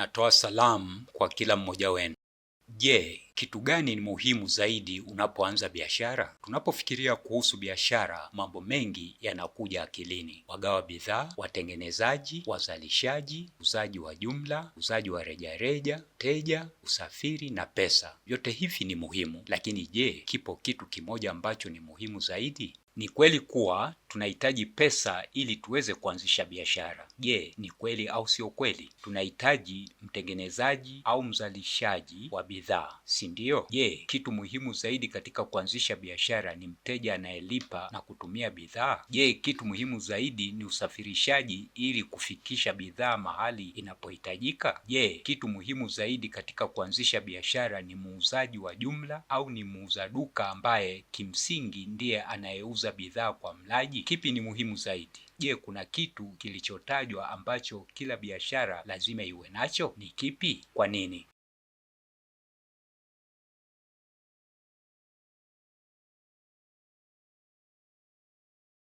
natoa salamu kwa kila mmoja wenu. Je, kitu gani ni muhimu zaidi unapoanza biashara? Tunapofikiria kuhusu biashara, mambo mengi yanakuja akilini: wagawa bidhaa, watengenezaji, wazalishaji, uzaji wa jumla, uzaji wa rejareja, teja, usafiri na pesa. Vyote hivi ni muhimu, lakini je, kipo kitu kimoja ambacho ni muhimu zaidi? Ni kweli kuwa tunahitaji pesa ili tuweze kuanzisha biashara. Je, ni kweli au sio kweli? Tunahitaji mtengenezaji au mzalishaji wa bidhaa, si ndio? Je, kitu muhimu zaidi katika kuanzisha biashara ni mteja anayelipa na kutumia bidhaa? Je, kitu muhimu zaidi ni usafirishaji ili kufikisha bidhaa mahali inapohitajika? Je, kitu muhimu zaidi katika kuanzisha biashara ni muuzaji wa jumla au ni muuza duka ambaye kimsingi ndiye anayeuza bidhaa kwa mlaji? Kipi ni muhimu zaidi? Je, kuna kitu kilichotajwa ambacho kila biashara lazima iwe nacho? Ni kipi? Kwa nini?